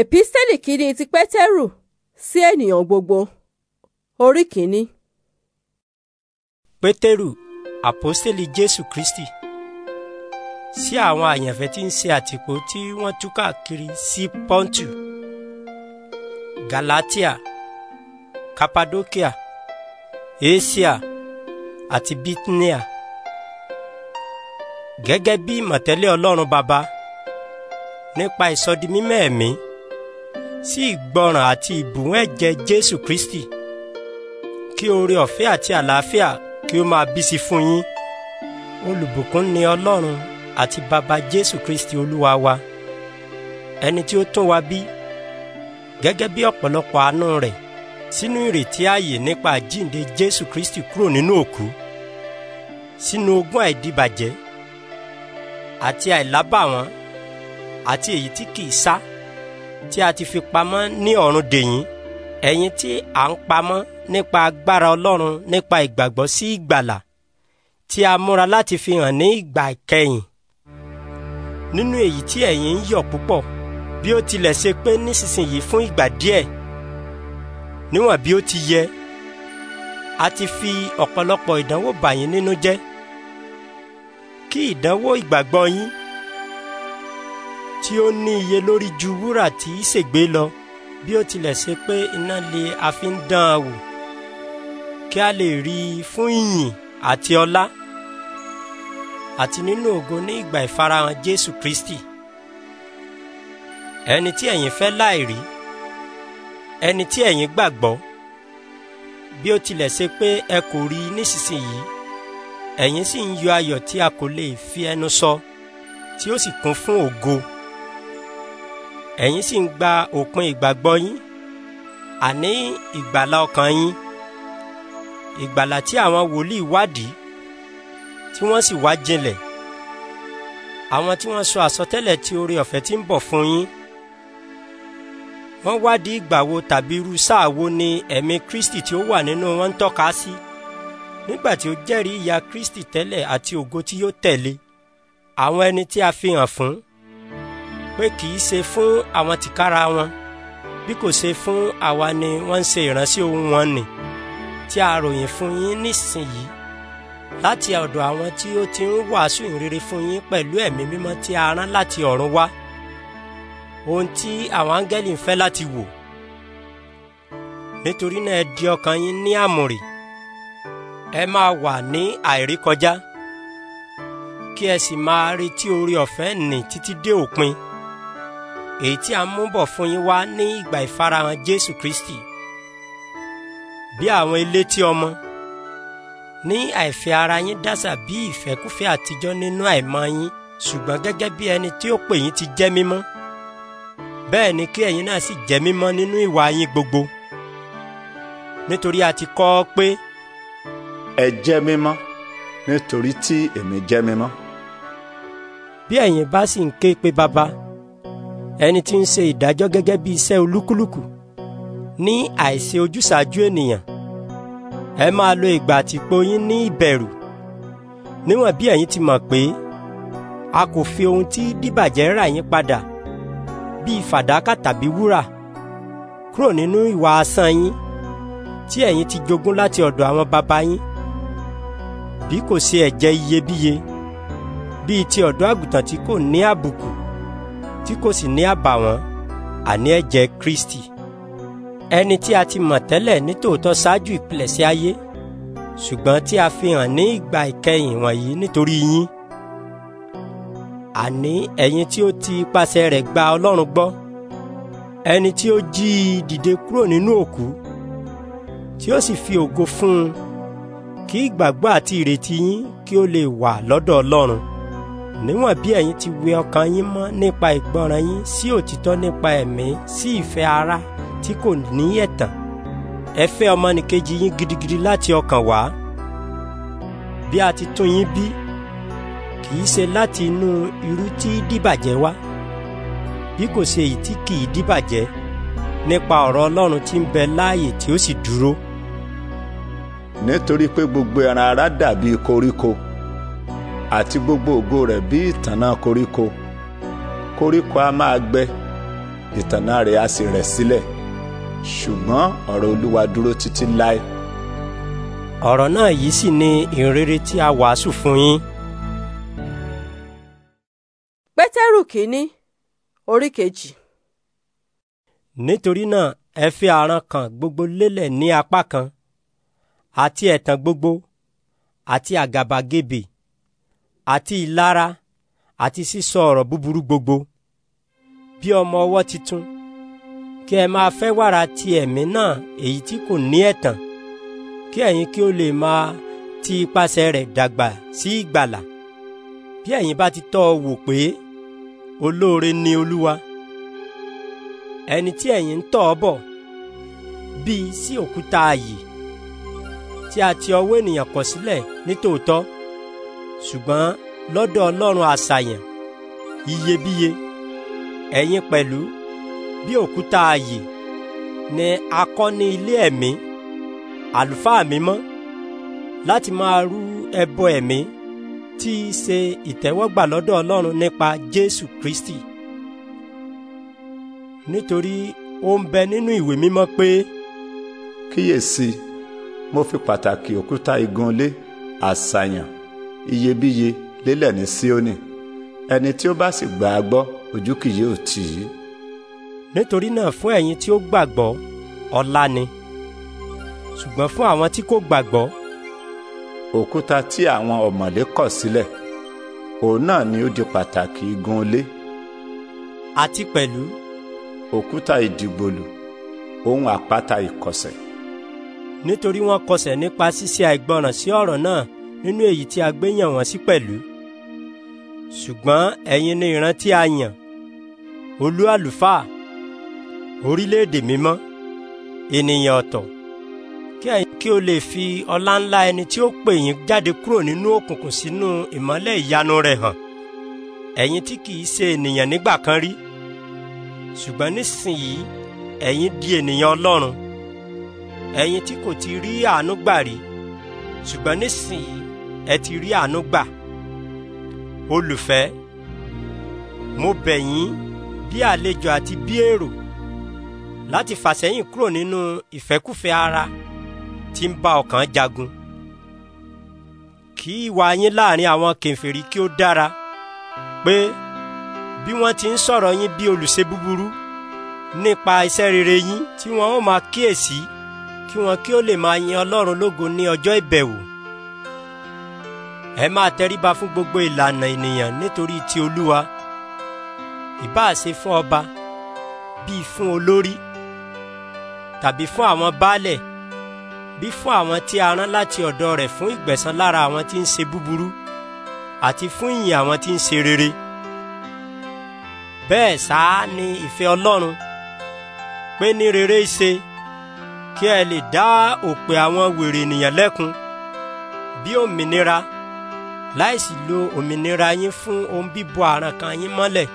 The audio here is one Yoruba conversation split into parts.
èpísẹ́lì kìíní ti pétérù sí ènìyàn gbogbo orí kìíní. pétérù àpọ́sítélì jésù kristi sí àwọn àyànfẹ́ tí ń ṣe àtìpó tí wọ́n tú káàkiri sí pọ́ńtù galatia cappadocia asia àti bithynia gẹ́gẹ́ bí ìmọ̀tẹ́lẹ̀ ọlọ́run baba nípa ìsọdimímẹ́ ẹ̀mí. E sí ìgbọràn àti ìbùn ẹ̀jẹ̀ Jésù Kristi kí oore ọ̀fẹ́ àti àlàáfíà kí ó máa bí sí fún yín olùbùkún ni Ọlọ́run àti bàbá Jésù Kristi Olúwa wa ẹni tí ó tún wa bí gẹ́gẹ́ bí ọ̀pọ̀lọpọ̀ àánú rẹ̀ sínú ìrètí ààyè nípa àjínde Jésù Kristi kúrò nínú òkú sínú ogún àìdíbàjẹ́ àti àìlábàwọ́n àti èyí tí kìí sá tí a ti fi pamọ́ ní ọ̀run dèyìn ẹ̀yin tí à ń pamọ́ nípa agbára Ọlọ́run nípa ìgbàgbọ́ sí ìgbàlà tí a múra láti fi hàn ní ìgbà ìkẹyìn nínú èyí tí ẹ̀yin ń yọ̀ púpọ̀ bí ó tilẹ̀ ṣe pé nísinsìnyí fún ìgbà díẹ̀ níwọ̀n bí ó ti yẹ a ti fi ọ̀pọ̀lọpọ̀ ìdánwò bà yín nínú jẹ́ kí ìdánwò ìgbàgbọ́ yín tí ó ní iye lórí ju wúrà tí í ṣègbé lọ bí ó tilẹ̀ ṣe pé iná lè a fi ń dán an wò kí a lè rí i fún ìyìn àti ọlá àti nínú ògo ní ìgbà ìfarahàn Jésù Kristi ẹni tí ẹ̀yin fẹ́ láìrí ẹni tí ẹ̀yin gbàgbọ́ bí ó tilẹ̀ ṣe pé ẹ kò rí i nísinsìnyí ẹ̀yin sì ń yọ ayọ̀ tí a kò lè fi ẹnu sọ tí ó sì kún fún ògo ẹ̀yin sì ń gba òpin ìgbàgbọ́ yín àní ìgbàlà ọkàn yín ìgbàlà tí àwọn wòlíì wádìí tí wọ́n sì wá jinlẹ̀ àwọn tí wọ́n sọ àsọtẹ́lẹ̀ tí oore ọ̀fẹ́ tí ń bọ̀ fún yín wọ́n wádìí ìgbà tàbí irú sáà wo ni ẹ̀mí Kristi tí ó wà nínú wọn ń tọ́ka sí nígbà tí ó jẹ́rìí ìyà Kristi tẹ́lẹ̀ àti ògo tí yóò tẹ̀lé àwọn ẹni tí a fi hàn fún pé kì í ṣe fún àwọn tìkára wọn bí kò ṣe fún àwa ni wọ́n ń ṣe ìránṣẹ́ ohun wọn nì tí a ròyìn fún yín nísìnyìí láti ọ̀dọ̀ àwọn tí ó ti ń wàásù ìrere fún yín pẹ̀lú ẹ̀mí mímọ́ tí a rán láti ọ̀run wá ohun tí àwọn áńgẹ́lì ń fẹ́ láti wò nítorí náà ẹ di ọkàn yín ní àmùrè ẹ máa wà ní àìrékọjá kí ẹ sì máa retí oore ọ̀fẹ́ nì títí dé òpin èyí tí a mú bọ̀ fún yín wá ní ìgbà ìfarahàn Jésù Kristi bí àwọn elétí ọmọ ní àìfẹ́ ara yín dásà bí ìfẹ́kúfẹ́ àtijọ́ nínú àìmọ̀ yín ṣùgbọ́n gẹ́gẹ́ bí ẹni tí ó pè yín ti jẹ́ mímọ́ bẹ́ẹ̀ ni kí ẹ̀yin náà sì jẹ́ mímọ́ nínú ìwà yín gbogbo nítorí a ti kọ́ ọ pé. ẹ jẹ́ mímọ́ nítorí tí èmi jẹ́ mímọ́. bí ẹ̀yin bá sì ń ké pé bàbá ẹni tí ń ṣe ìdájọ́ gẹ́gẹ́ bí iṣẹ́ olúkúlùkù ní àìṣe ojúsàájú ènìyàn ẹ máa lo ìgbà àtìpó yín ní ìbẹ̀rù níwọ̀n bí ẹ̀yin ti mọ̀ pé a kò fi ohun tí díbàjẹ́ rà yín padà bíi fàdákà tàbí wúrà kúrò nínú ìwà asán yín tí ẹ̀yin ti jogún láti ọ̀dọ̀ àwọn baba yín bí kò ṣe ẹ̀jẹ̀ iyebíye bíi ti ọ̀dọ́ àgùntàn tí kò ní àbùkù tí kò sì ní àbàwọ́n àní ẹ̀jẹ̀ Kristi ẹni tí a ti mọ̀ tẹ́lẹ̀ nítòótọ́ ṣáájú ìpilẹ̀ṣẹ̀ ayé ṣùgbọ́n tí a fi hàn ní ìgbà ìkẹyìn wọ̀nyí nítorí yín àní ẹ̀yin tí ó ti ipasẹ̀ rẹ̀ gba Ọlọ́run gbọ́ ẹni tí ó jí i dìde kúrò nínú òkú tí ó sì fi ògo fún un kí ìgbàgbọ́ àti ìrètí yín kí ó lè wà lọ́dọ̀ Ọlọ́run níwọ̀n bí ẹ̀yin ti wẹ ọkàn yín mọ́ nípa ìgbọràn yín sí òtítọ́ nípa ẹ̀mí sí ìfẹ́ ara tí kò ní ẹ̀tàn ẹ fẹ́ ọmọnìkejì yín gidigidi láti ọkàn wá bí a ti tún yín bí kì í ṣe láti inú irú tí dìbàjẹ́ wá bí kò ṣe èyí tí kì í dìbàjẹ́ nípa ọ̀rọ̀ Ọlọ́run tí ń bẹ láàyè tí ó sì dúró. nítorí pé gbogbo ẹran ara dàbí koríko àti gbogbo ògo rẹ̀ bí ìtànná koríko koríko a máa gbẹ ìtànná rẹ̀ a sì rẹ̀ sílẹ̀ ṣùgbọ́n ọ̀rọ̀ olúwa dúró títí láé. ọ̀rọ̀ náà yìí sì ni ìrere tí a wàásù fún yín. pétérù kínní orí kejì. nítorí náà ẹ fi aràn kan gbogbo lélẹ̀ ní apá kan àti ẹ̀tàn gbogbo àti àgàbàgebè àti ìlara àti sísọ ọ̀rọ̀ búburú gbogbo bí ọmọ ọwọ́ titun kí ẹ máa fẹ́ wàrà ti ẹ̀mí náà èyí tí kò ní ẹ̀tàn kí ẹ̀yin kí ó lè máa ti ipasẹ̀ rẹ̀ dàgbà sí ìgbàlà bí ẹ̀yin bá ti tọ́ ọ wò pé olóore ni olúwa ẹni tí ẹ̀yin ń tọ̀ ọ́ bọ̀ bíi sí òkúta ààyè tí a ti ọwọ́ ènìyàn kọ̀ sílẹ̀ nítòótọ́ ṣùgbọ́n lọ́dọ̀ Ọlọ́run àṣàyàn iyebíye ẹ̀yin pẹ̀lú bí òkúta ààyè ni a kọ́ ní ilé ẹ̀mí àlùfáà mímọ́ láti máa rú ẹbọ ẹ̀mí tí í ṣe ìtẹ́wọ́gbà lọ́dọ̀ Ọlọ́run nípa Jésù Kristi nítorí ó ń bẹ nínú ìwé mímọ́ pé. kíyèsí mo fi pàtàkì òkúta igunlé àṣàyàn iyebíye lélẹ̀ ní Síónì ẹni tí ó bá sì gbà á gbọ́ ojú kì yóò tì í. nítorí náà fún ẹ̀yin tí ó gbàgbọ́ ọlá ni ṣùgbọ́n fún àwọn tí kò gbàgbọ́. òkúta tí àwọn ọ̀mọ̀lé kọ̀ sílẹ̀ òun náà ni ó di pàtàkì igun ilé. àti pẹ̀lú. òkúta ìdìgbòlù ohun àpáta ìkọ̀sẹ̀. nítorí wọ́n kọsẹ̀ nípa ṣíṣe àìgbọràn sí ọ̀rọ̀ náà nínú èyí tí a gbé yàn wọ́n sí pẹ̀lú ṣùgbọ́n ẹ̀yin ni ìran tí a yàn olú àlùfáà orílẹ̀-èdè mímọ́ ènìyàn ọ̀tọ̀ kí ẹ̀yin kí o lè fi ọlá ńlá ẹni tí ó pè yín jáde kúrò nínú òkùnkùn sínú ìmọ́lẹ̀ ìyanu rẹ̀ hàn ẹ̀yin tí kìí ṣe ènìyàn nígbà kan rí ṣùgbọ́n nísìnyí ẹ̀yin di ènìyàn ọlọ́run ẹ̀yin tí kò ti rí àánú gbà rí ṣùgbọ́n nísìnyí ẹ ti rí àánú gbà olùfẹ́ mo bẹ̀ yín bí àlejò àti bí èrò láti fàsẹ́yìn kúrò nínú ìfẹ́kúfẹ́ ara tí ń bá ọkàn jagun kí ìwà yín láàrin àwọn kèfèrí kí ó dára pé bí wọ́n ti ń sọ̀rọ̀ yín bí olùṣe búburú nípa iṣẹ́ rere yín tí wọ́n ó máa kíyèsí kí wọ́n kí ó lè máa yin Ọlọ́run lógo ní ọjọ́ ìbẹ̀wò ẹ máa tẹríba fún gbogbo ìlànà ènìyàn nítorí ti olúwa ìbáà ṣe fún ọba bíi fún olórí tàbí fún àwọn baálẹ̀ bí fún àwọn tí a rán láti ọ̀dọ̀ rẹ̀ fún ìgbẹ̀san lára àwọn tí ń ṣe búburú àti fún ìyìn àwọn tí ń ṣe rere bẹ́ẹ̀ sáá ni ìfẹ́ Ọlọ́run pé ní rere ṣe kí ẹ lè dá òpè àwọn wèrè ènìyàn lẹ́kun bí òmìnira láìsí lo òmìnira yín fún ohun bíbọ àrankàn yín mọ́lẹ̀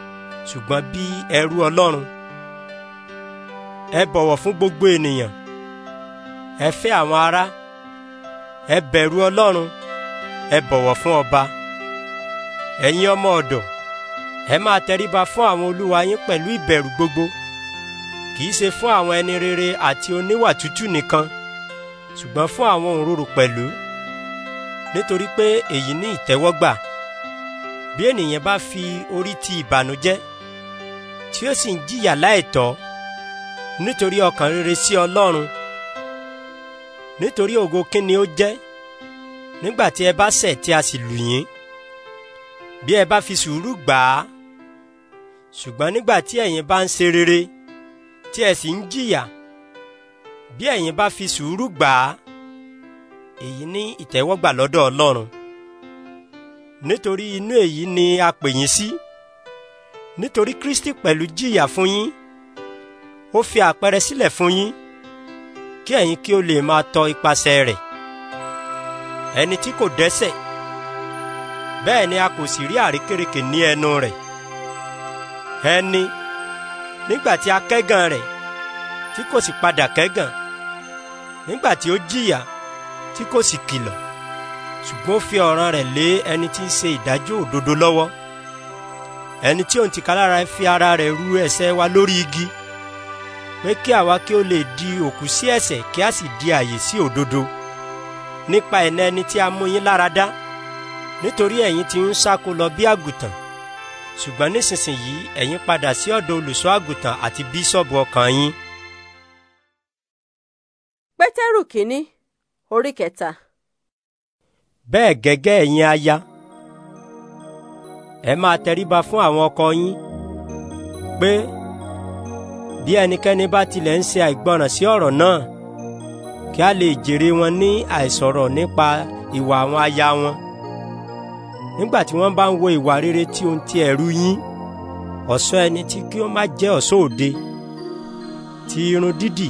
ṣùgbọ́n bí ẹrú Ọlọ́run ẹ bọ̀wọ̀ fún gbogbo ènìyàn ẹ fẹ́ àwọn ará ẹ bẹ̀rù Ọlọ́run ẹ bọ̀wọ̀ fún ọba ẹ̀yin ọmọ ọ̀dọ̀ ẹ máa tẹríba fún àwọn olúwa yín pẹ̀lú ìbẹ̀rù gbogbo kì í ṣe fún àwọn ẹni rere àti oníwà tútù nìkan ṣùgbọ́n fún àwọn òǹrorò pẹ̀lú nítorí pé èyí ní ìtẹ́wọ́gbà bí ènìyàn bá fi orí ti ìbànújẹ́ tí ó sì ń jìyà láìtọ́ nítorí ọkàn rere sí Ọlọ́run nítorí ògo kín ni ó jẹ́ nígbà tí ẹ bá ṣẹ̀ tí a sì lù yín bí ẹ bá fi sùúrù gbà á ṣùgbọ́n nígbà tí ẹ̀yin bá ń ṣe rere tí ẹ sì ń jìyà bí ẹ̀yin bá fi sùúrù gbà á èyí ní ìtẹ́wọ́gbà lọ́dọ̀ Ọlọ́run nítorí inú èyí ni a pè yín sí nítorí Kristi pẹ̀lú jìyà fún yín ó fi àpẹẹrẹ sílẹ̀ fún yín kí ẹ̀yin kí o lè máa tọ ipasẹ̀ rẹ̀ ẹni tí kò dẹ́ṣẹ̀ bẹ́ẹ̀ ni a kò sì rí àríkèrèkè ní ẹnu rẹ̀ ẹni nígbà tí a kẹ́gàn rẹ̀ tí kò sì padà kẹ́gàn nígbà tí ó jìyà tí kò sì kìlọ̀ ṣùgbọ́n ó fi ọ̀ràn rẹ̀ lé ẹni tí ń ṣe ìdájọ́ òdodo lọ́wọ́ ẹni tí òun tìkálára fi ara rẹ̀ ru ẹ̀ṣẹ̀ wa lórí igi pé kí àwa kí ó lè di òkú sí ẹ̀ṣẹ̀ kí a sì di àyè sí òdodo nípa ẹ̀nà ẹni tí a mú yín lára dá nítorí ẹ̀yin ti ń ṣáko lọ bí àgùntàn ṣùgbọ́n nísinsìnyí ẹ̀yin padà sí ọ̀dọ̀ olùṣọ́ àgùntàn àti bíṣọ̀bù ọkàn yín. pétérù kínní orí kẹta. bẹ́ẹ̀ gẹ́gẹ́ ẹ̀yin aya ẹ máa tẹríba fún àwọn ọkọ yín pé bí ẹnikẹ́ni bá tilẹ̀ ń ṣe àìgbọràn sí ọ̀rọ̀ náà kí a lè jèrè wọn ní àìsọ̀rọ̀ nípa ìwà àwọn aya wọn nígbà tí wọ́n bá ń wo ìwà rere tí ohun ti ẹ̀rù yín ọ̀ṣọ́ ẹni tí kí ó má jẹ́ ọ̀ṣọ́ òde ti irun dídì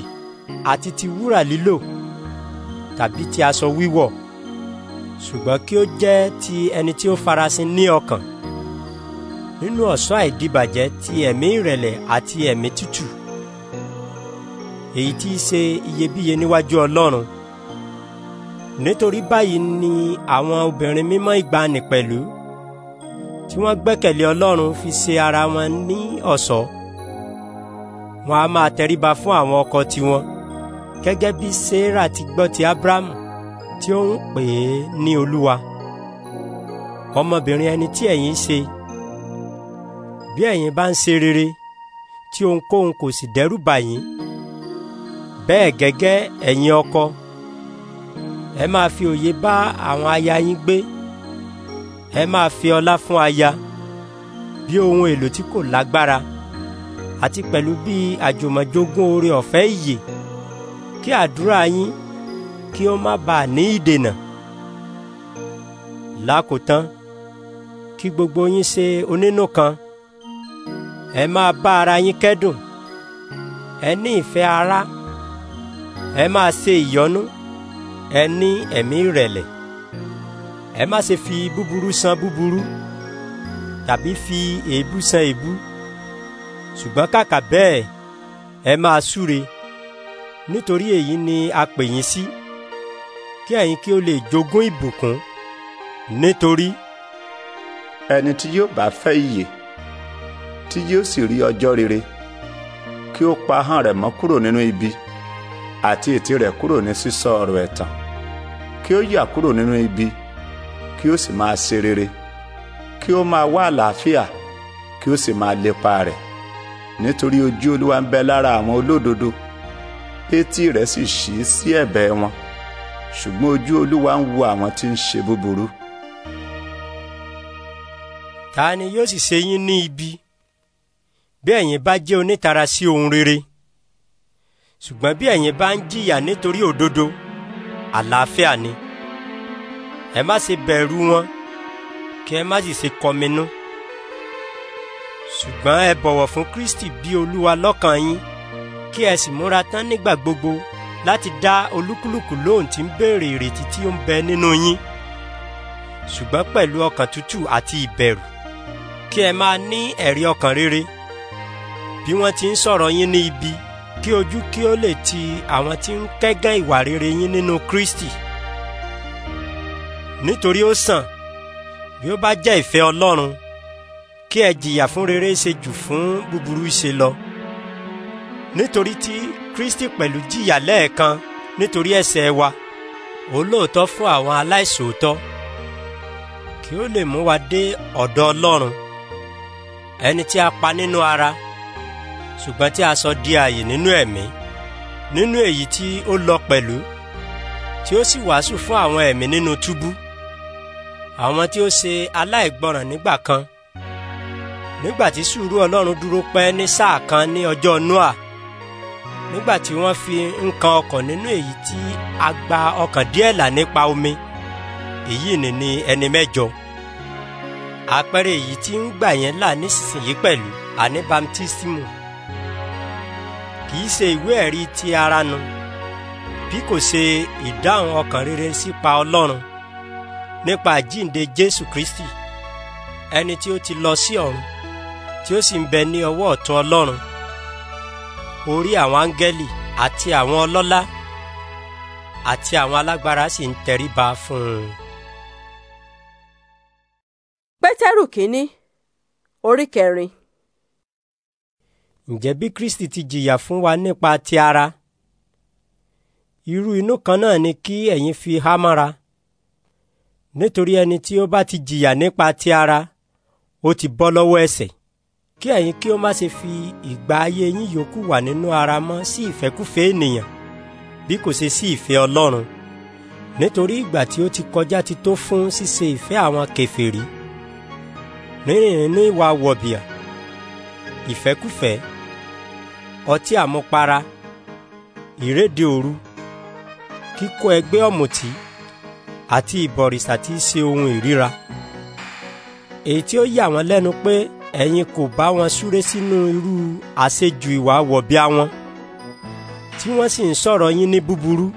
àti ti wúrà lílò tàbí ti aṣọ wíwọ̀ ṣùgbọ́n kí ó jẹ́ ti ẹni tí ó farasin ní ọkàn nínú ọ̀ṣọ́ àìdíbàjẹ́ ti ẹ̀mí ìrẹ̀lẹ̀ àti ẹ̀mí tútù èyí tí í ṣe iyebíye níwájú Ọlọ́run nítorí báyìí ni àwọn obìnrin mímọ́ ìgbàanì pẹ̀lú tí wọ́n gbẹ́kẹ̀lé Ọlọ́run fi ṣe ara wọn ní ọ̀ṣọ́ wọn a máa tẹríba fún àwọn ọkọ tiwọn gẹ́gẹ́ bí sarah ti gbọ́ ti abrahamu tí ó ń pè é ní olúwa ọmọbìnrin ẹni tí ẹ̀yin ṣe bí ẹ̀yin bá ń ṣe rere tí ohunkóhun kò sì dẹ́rù bà yín bẹ́ẹ̀ gẹ́gẹ́ ẹ̀yin ọkọ ẹ máa fi òye bá àwọn aya yín gbé ẹ máa fi ọlá fún aya bí ohun èlò tí kò lágbára àti pẹ̀lú bí àjùmọ̀jogún oore ọ̀fẹ́ ìyè kí àdúrà yín kí ó má bàa ní ìdènà. lákòótán kí gbogbo yín ṣe onínú kan ẹ máa bá ara yín kẹ́dùn ẹ ní ìfẹ́ ara ẹ máa ṣe ìyọ́nú ẹ ní ẹ̀mí ìrẹ̀lẹ̀ ẹ má ṣe fi búburú san búburú tàbí fi èébú san èébú ṣùgbọ́n kàkà bẹ́ẹ̀ ẹ máa súre nítorí èyí ni a pè yín sí kí ẹ̀yin kí ó lè jogún ìbùkún nítorí. ẹni tí yóò bá fẹ́ ìyè tí yóò sì rí ọjọ́ rere kí ó pa ahọ́n rẹ̀ mọ́ kúrò nínú ibi àti ètè rẹ̀ kúrò ní sísọ ọ̀rọ̀ ẹ̀tàn kí ó yà kúrò nínú ibi kí ó sì máa ṣe rere kí ó máa wá àlàáfíà kí ó sì máa lépa rẹ̀ nítorí ojú Olúwa ń bẹ lára àwọn olódodo etí rẹ̀ sì ṣí sí ẹ̀bẹ̀ wọn ṣùgbọ́n ojú olúwa ń wo àwọn tí ń ṣe búburú. ta ni yóò sì ṣe yín ní ibi bí ẹ̀yin bá jẹ́ onítara sí ohun rere ṣùgbọ́n bí ẹ̀yin bá ń jìyà nítorí òdodo àlàáfíà ni ẹ má ṣe bẹ̀rù wọn kí ẹ má sì ṣe kọminú ṣùgbọ́n ẹ bọ̀wọ̀ fún Kristi bí olúwa lọ́kàn yín kí ẹ sì múra tán nígbà gbogbo láti dá olúkúlùkù lóhùn tí ń béèrè ìrètí tí ó ń bẹ nínú yín ṣùgbọ́n pẹ̀lú ọkàn tútù àti ìbẹ̀rù kí ẹ máa ní ẹ̀rí ọkàn rere bí wọ́n ti ń sọ̀rọ̀ yín ní ibi kí ojú kí ó lè ti àwọn tí ń kẹ́gàn ìwà rere yín nínú Kristi nítorí ó sàn bí ó bá jẹ́ ìfẹ́ Ọlọ́run kí ẹ jìyà fún rere ṣe jù fún búburú ṣe lọ nítorí tí Kristi pẹ̀lú jìyà lẹ́ẹ̀kan nítorí ẹ̀ṣẹ̀ wa olóòótọ́ fún àwọn aláìṣòótọ́ kí ó lè mú wa dé ọ̀dọ̀ Ọlọ́run ẹni tí a pa nínú ara ṣùgbọ́n tí a sọ di ààyè nínú ẹ̀mí nínú èyí tí ó lọ pẹ̀lú tí ó sì wàásù fún àwọn ẹ̀mí nínú túbú àwọn tí ó ṣe aláìgbọràn nígbà kan nígbà tí sùúrù Ọlọ́run dúró pẹ́ ní sáà kan ní ọjọ́ Nóà nígbà tí wọ́n fi nǹkan ọkàn nínú èyí tí a gba ọkàn díẹ̀ là nípa omi èyí ni ni ẹni mẹ́jọ àpẹẹrẹ èyí tí ń gbà yẹn là nísinsìnyí pẹ̀lú àní bamtísímù kì í ṣe ìwé ẹ̀rí ti ara nu bí kò ṣe ìdáhùn ọkàn rere sípa Ọlọ́run nípa àjíǹde Jésù Kristi ẹni tí ó ti lọ sí ọ̀run tí ó sì ń bẹ ní ọwọ́ ọ̀tún Ọlọ́run orí àwọn áńgẹ́lì àti àwọn ọlọ́lá àti àwọn alágbára sì ń tẹríba fún un. pétérù kínní orí kẹrin. ǹjẹ́ bí kristi ti jìyà fún wa nípa ti ara irú inú kan náà ni kí ẹ̀yin fi há mọ́ra nítorí ẹni tí ó bá ti jìyà nípa ti ara ó ti bọ́ lọ́wọ́ ẹ̀ṣẹ̀ kí ẹ̀yin kí ó má ṣe fi ìgbà ayé yín yòókù wà nínú ara mọ́ sí ìfẹ́kúfẹ́ ènìyàn bí kò ṣe sí ìfẹ́ Ọlọ́run nítorí ìgbà tí ó ti kọjá ti tó fún ṣíṣe ìfẹ́ àwọn kèfèrí nírìnrìn ní ìwà wọ̀bìà ìfẹ́kúfẹ́ ọtí àmupara ìréde òru kíkó ẹgbẹ́ ọ̀mùtí àti ìbọ̀rìṣà tí ṣe ohun ìríra èyí tí ó yà wọ́n lẹ́nu pé ẹ̀yin kò bá wọn súré sínú irú àṣejù ìwà wọ̀bìà wọn tí wọ́n sì ń sọ̀rọ̀ yín ní búburú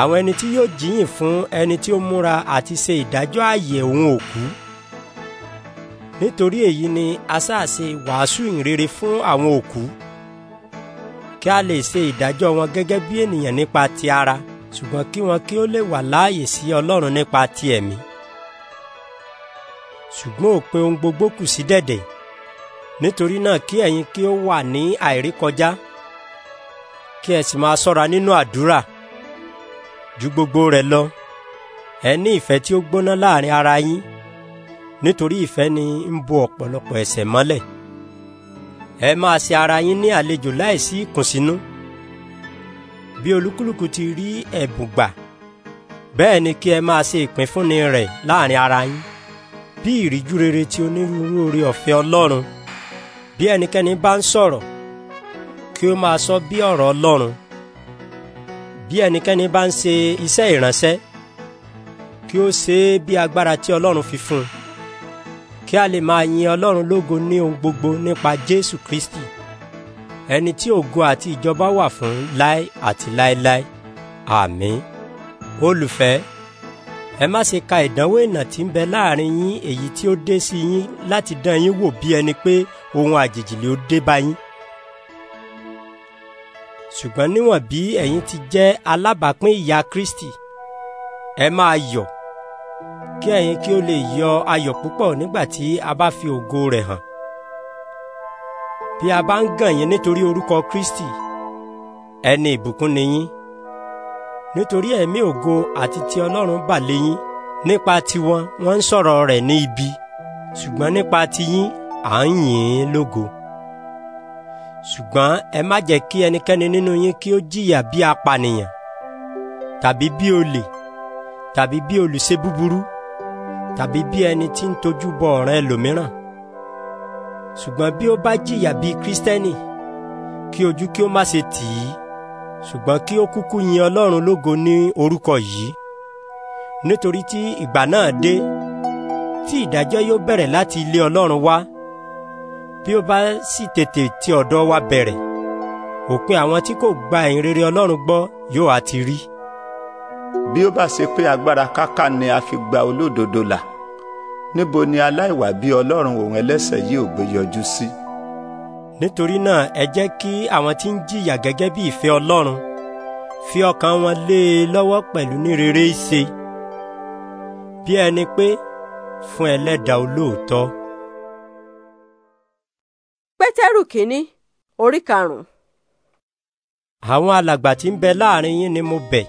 àwọn ẹni tí yóò jíyìn fún ẹni tí ó múra àti ṣe ìdájọ́ ààyè òun òkú nítorí èyí ni asáàṣe wàásù ìrere fún àwọn òkú kí a lè ṣe ìdájọ́ wọn gẹ́gẹ́ bí ènìyàn nípa ti ara ṣùgbọ́n kí wọn kí ó lè wà láàyè sí Ọlọ́run nípa ti ẹ̀mí. E ṣùgbọ́n pe ohun gbogbo kù sí dẹ̀dẹ̀ nítorí náà kí ẹ̀yin kí ó wà ní ki kí ẹ sì máa ṣọ́ra nínú àdúrà ju gbogbo rẹ̀ lọ ẹ ní ìfẹ́ tí ó gbóná láàrin ara yín nítorí ìfẹ́ ni ń bo ọ̀pọ̀lọpọ̀ ẹ̀ṣẹ̀ mọ́lẹ̀ ẹ máa ṣe ara yín ní àlejò láìsí ìkùnsínú bí olúkúlùkù ti rí ẹ̀bùn gbà bẹ́ẹ̀ ni kí ẹ máa ṣe ìpínfúnni rẹ̀ láàrin ara yín. bí ìríjú rere ti onírúurú oore ọ̀fẹ́ Ọlọ́run bí ẹnikẹ́ni bá ń sọ̀rọ̀ kí ó máa sọ bí ọ̀rọ̀ Ọlọ́run bí ẹnikẹ́ni bá ń ṣe iṣẹ́ ìránṣẹ́ kí ó ṣe é bí agbára tí Ọlọ́run fi fún un kí a lè máa yin Ọlọ́run lógo ní ohun gbogbo nípa Jésù Kristi ẹni tí ògo àti ìjọba wà fún láé àti láéláé àmín olùfẹ́ ẹ má ṣe ka ìdánwò ìnà tí ń bẹ láàrin yín èyí tí ó dé sí yín láti dán yín wò bí ẹni pé ohun àjèjì ló dé bá yín. ṣùgbọ́n níwọ̀n bí ẹ̀yin ti jẹ́ alábàápín ìyà Kristi ẹ máa yọ̀ kí ẹ̀yin kí ó lè yọ ayọ̀ púpọ̀ nígbà tí a bá fi ògo rẹ̀ hàn. bí a bá ń gàn yín nítorí orúkọ Kristi ẹni ìbùkún ni yín nítorí ẹ̀mí ògo àti ti Ọlọ́run bà léyín nípa tiwọn wọ́n ń sọ̀rọ̀ rẹ̀ ní ibi ṣùgbọ́n nípa tiyín à ń yìn ín lógo ṣùgbọ́n ẹ má jẹ́ kí ẹnikẹ́ni nínú yín kí ó jìyà bí apànìyàn tàbí bí olè tàbí bí olùṣe búburú tàbí bí ẹni tí ń tojú bọ ọ̀ràn ẹlòmíràn ṣùgbọ́n bí ó bá jìyà bí kírísítẹ́nì kí ojú kí ó má ṣe tì í ṣùgbọ́n kí ó kúkú yin Ọlọ́run lógo ní orúkọ yìí nítorí tí ìgbà náà dé tí ìdájọ́ yóò bẹ̀rẹ̀ láti ilé Ọlọ́run wá bí ó bá sì tètè ti ọ̀dọ̀ wa bẹ̀rẹ̀ òpin àwọn tí kò gba ìyìn rere Ọlọ́run gbọ́ yóò á ti rí. bí ó bá ṣe pé agbára káká ni a fi gba olódodo là níbo ni aláìwà bí Ọlọ́run òun ẹlẹ́ṣẹ̀ yìí ò gbé yọjú sí. Si nítorí náà ẹ jẹ́ kí àwọn tí ń jìyà gẹ́gẹ́ bí ìfẹ́ Ọlọ́run fi ọkàn wọn lé e lọ́wọ́ pẹ̀lú ní rere ṣe bí ẹni pé fún ẹlẹ́dàá olóòótọ́. Pétérù kínní orí karùn-ún. àwọn alàgbà tí ń bẹ láàrin yín ni mo bẹ̀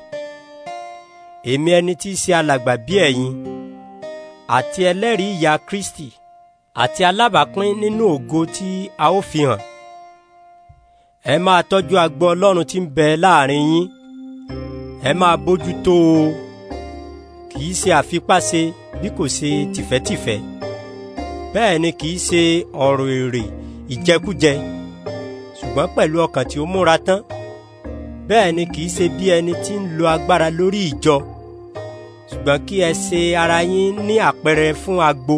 èmi ẹni tí í ṣe alàgbà bí ẹ̀yin àti ẹlẹ́rìí ìyà Kristi àti alábàápín nínú ògo tí a ó fi hàn ẹ máa tọ́jú agbo ọlọ́run tí ń bẹ láàrin yín ẹ máa bójú tó o kì í ṣe àfipáṣe bí kò ṣe tìfẹ́tìfẹ́ bẹ́ẹ̀ ni kì í ṣe ọ̀rọ̀ èrè ìjẹkújẹ ṣùgbọ́n pẹ̀lú ọkàn tí ó múra tán bẹ́ẹ̀ ni kì í ṣe bí ẹni tí ń lo agbára lórí ìjọ ṣùgbọ́n kí ẹ ṣe ara yín ní àpẹẹrẹ fún agbo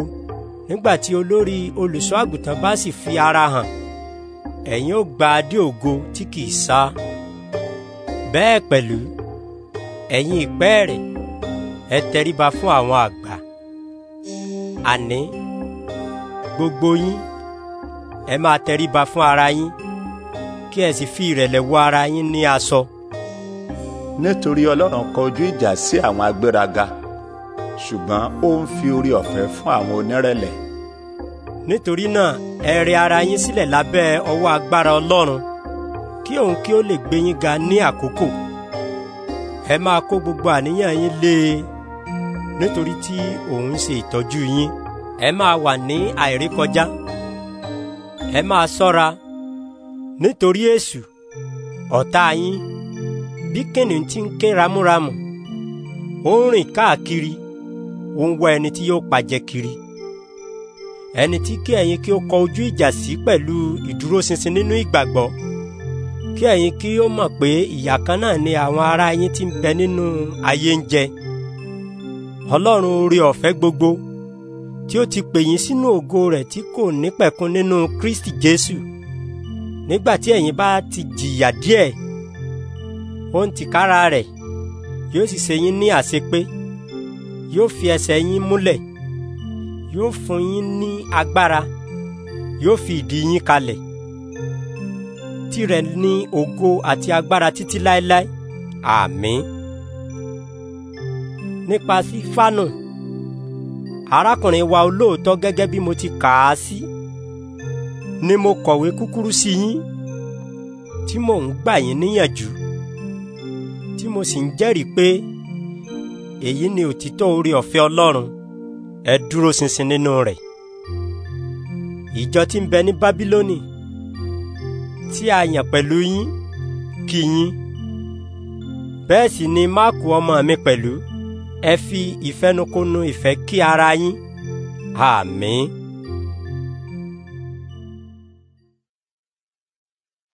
nígbà tí olórí olùṣọ́ àgùntàn bá sì fi ara hàn ẹ̀yin ó gba adé ògo tí kìí sá bẹ́ẹ̀ pẹ̀lú ẹ̀yin ìpẹ́ rẹ̀ ẹ tẹríba fún àwọn àgbà àní gbogbo yín ẹ máa tẹríba fún ara yín kí ẹ sì fi ìrẹ̀lẹ̀ wọ ara yín ní aṣọ. nítorí ọlọ́run kọjú ìjà sí àwọn agbéraga ṣùgbọ́n ó ń fi orí ọ̀fẹ́ fún àwọn onírẹ̀lẹ̀. nítorí náà ẹ rẹ ara yín sílẹ̀ lábẹ́ ọwọ́ agbára ọlọ́run kí òun kí ó lè gbé yín ga ní àkókò ẹ máa kó gbogbo àníyàn yín lé e nítorí tí òun ṣe ìtọ́jú yín ẹ máa wà ní àìrékọjá ẹ máa ṣọ́ra nítorí èṣù ọ̀tá yín bí kìnìún ti ń ké ramúramù ó ń rìn káàkiri ó ń wá ẹni tí yóò pajẹ kiri ẹni tí kí ẹ̀yin kí ó kọ ojú ìjà sí pẹ̀lú ìdúróṣinṣin nínú ìgbàgbọ́ kí ẹ̀yin kí ó mọ̀ pé ìyà kan náà ni àwọn ará yín tí ń bẹ nínú ayé ń jẹ ọlọ́run oore ọ̀fẹ́ gbogbo tí ó ti pè yín sínú ògo rẹ̀ tí kò nípẹ̀kun nínú Kristi Jésù nígbà tí ẹ̀yin bá ti jìyà díẹ̀ ó ń tìkára rẹ̀ yóò sì ṣe yín ní àṣepé yóò fi ẹsẹ̀ yín múlẹ̀ yóò fún yín ní agbára yóò fi ìdí yín kalẹ̀ tirẹ̀ ní ògo àti agbára títí láéláé àmín nípa sífánù arákùnrin wa olóòótọ́ gẹ́gẹ́ bí mo ti kà á sí ni mo kọ̀wé kúkúrú sí yín tí mò ń gbà yín níyànjú tí mo sì ń jẹ́rìí pé èyí ni òtítọ́ orí ọ̀fẹ́ Ọlọ́run ẹ dúró ṣinṣin nínú rẹ̀ ìjọ tí ń bẹ ní Bábílónì tí a yàn pẹ̀lú yín kí yín bẹ́ẹ̀ sì ni Máàkù ọmọ mi pẹ̀lú ẹ fi ìfẹnukonu ìfẹ́ kí ara yín àmín.